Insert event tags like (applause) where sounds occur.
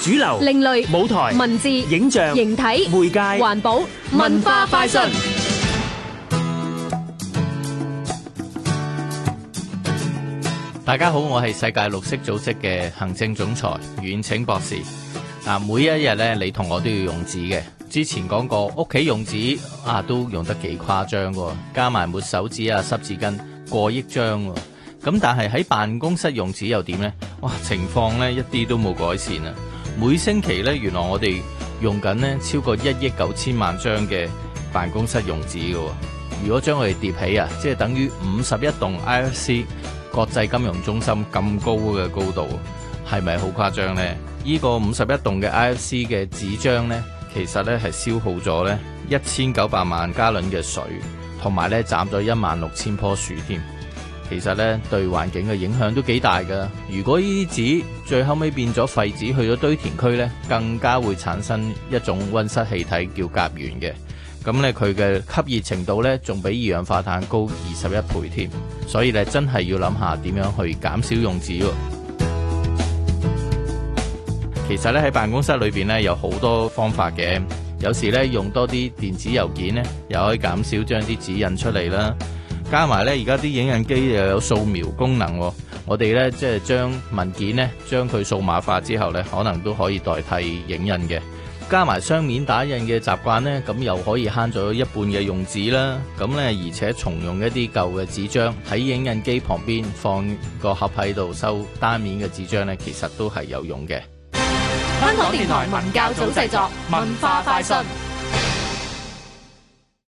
主流、另類、舞台、文字、影像、形體、媒介、環保、文化快訊。大家好，我係世界綠色組織嘅行政總裁遠騁博士。嗱，每一日呢，你同我都要用紙嘅。之前講過，屋企用紙啊，都用得幾誇張噶，加埋抹手指啊、濕紙巾，過億張咁。但係喺辦公室用紙又點呢？哇，情況呢一啲都冇改善啊！每星期咧，原來我哋用緊呢超過一億九千萬張嘅辦公室用紙噶。如果將我哋疊起啊，即係等於五十一棟 I F C 國際金融中心咁高嘅高度，係咪好誇張呢？呢、呢個五十一棟嘅 I F C 嘅紙張呢，其實呢係消耗咗呢一千九百萬加侖嘅水，同埋呢斬咗一萬六千棵樹添。其實咧，對環境嘅影響都幾大噶。如果呢啲紙最後尾變咗廢紙，去咗堆填區呢，更加會產生一種溫室氣體叫甲烷嘅。咁呢，佢嘅吸熱程度呢，仲比二氧化碳高二十一倍添。所以咧，真係要諗下點樣去減少用紙。 (music) 其實咧，喺辦公室裏邊呢，有好多方法嘅。有時呢，用多啲電子郵件呢，又可以減少將啲紙印出嚟啦。加埋呢，而家啲影印機又有掃描功能，我哋呢，即係將文件呢，將佢數碼化之後呢，可能都可以代替影印嘅。加埋雙面打印嘅習慣呢，咁又可以慳咗一半嘅用紙啦。咁呢，而且重用一啲舊嘅紙張，喺影印機旁邊放個盒喺度收單面嘅紙張呢，其實都係有用嘅。香港電台文教組製作，文化快訊。